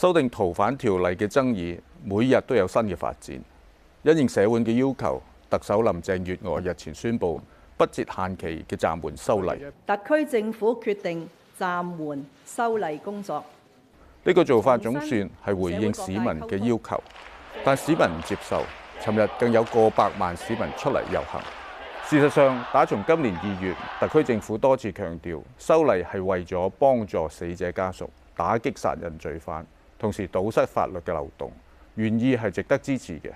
修訂逃犯條例嘅爭議，每日都有新嘅發展。因應社會嘅要求，特首林鄭月娥日前宣布不設限期嘅暫緩修例。特區政府決定暫緩修例工作，呢個做法總算係回應市民嘅要求，但市民唔接受。尋日更有過百萬市民出嚟遊行。事實上，打從今年二月，特區政府多次強調，修例係為咗幫助死者家屬，打擊殺人罪犯。同時堵塞法律嘅漏洞，原意係值得支持嘅。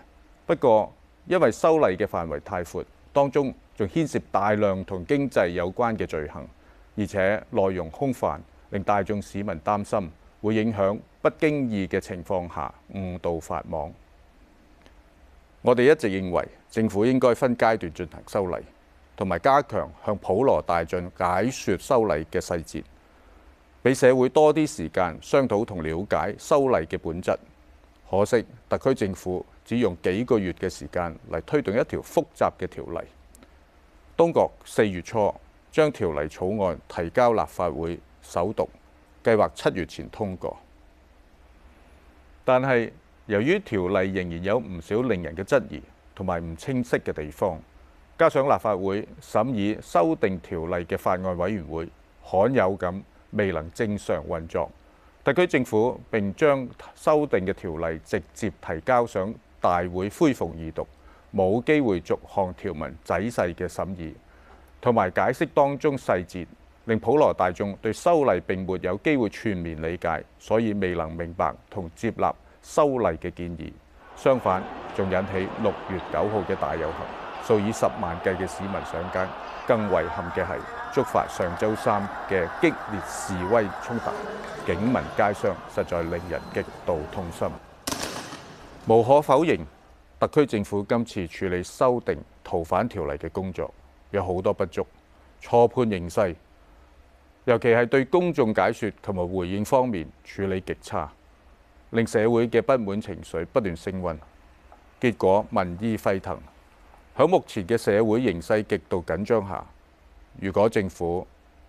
不過，因為修例嘅範圍太闊，當中仲牽涉大量同經濟有關嘅罪行，而且內容空泛，令大眾市民擔心會影響不經意嘅情況下誤導法網。我哋一直認為政府應該分階段進行修例，同埋加強向普羅大眾解説修例嘅細節。俾社會多啲時間商討同了解修例嘅本質。可惜特區政府只用幾個月嘅時間嚟推動一條複雜嘅條例。當局四月初將條例草案提交立法會首讀，計劃七月前通過。但係由於條例仍然有唔少令人嘅質疑同埋唔清晰嘅地方，加上立法會審議修訂條例嘅法案委員會罕有咁未能正常運作，特區政府並將修訂嘅條例直接提交上大會恢復二讀，冇機會逐項條文仔細嘅審議同埋解釋當中細節，令普羅大眾對修例並沒有機會全面理解，所以未能明白同接納修例嘅建議，相反仲引起六月九號嘅大遊行。數以十萬計嘅市民上街，更遺憾嘅係觸發上週三嘅激烈示威衝突，警民皆傷，實在令人極度痛心。無可否認，特區政府今次處理修訂逃犯條例嘅工作有好多不足、錯判形勢，尤其係對公眾解説同埋回應方面處理極差，令社會嘅不滿情緒不斷升溫，結果民意沸騰。喺目前嘅社會形勢極度緊張下，如果政府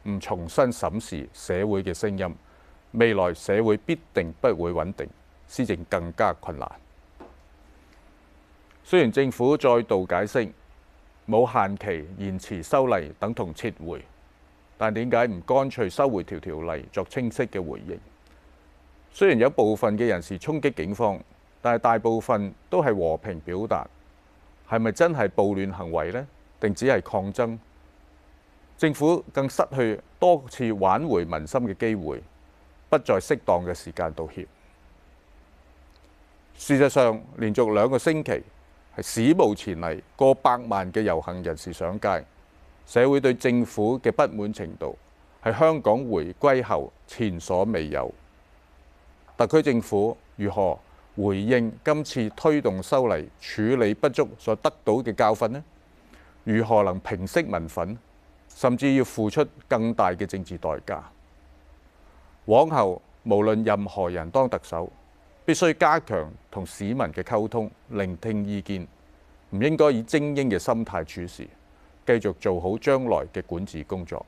唔重新審視社會嘅聲音，未來社會必定不會穩定，施政更加困難。雖然政府再度解釋冇限期延遲修例等同撤回，但點解唔乾脆收回條條例作清晰嘅回應？雖然有部分嘅人士衝擊警方，但係大部分都係和平表達。係咪真係暴亂行為呢？定只係抗爭？政府更失去多次挽回民心嘅機會，不在適當嘅時間道歉。事實上，連續兩個星期係史無前例，過百萬嘅遊行人士上街，社會對政府嘅不滿程度係香港回歸後前所未有。特區政府如何回應今次推動修例處理不足所得到嘅教訓呢？如何能平息民憤，甚至要付出更大嘅政治代價？往後無論任何人當特首，必須加強同市民嘅溝通，聆聽意見，唔應該以精英嘅心態處事，繼續做好將來嘅管治工作。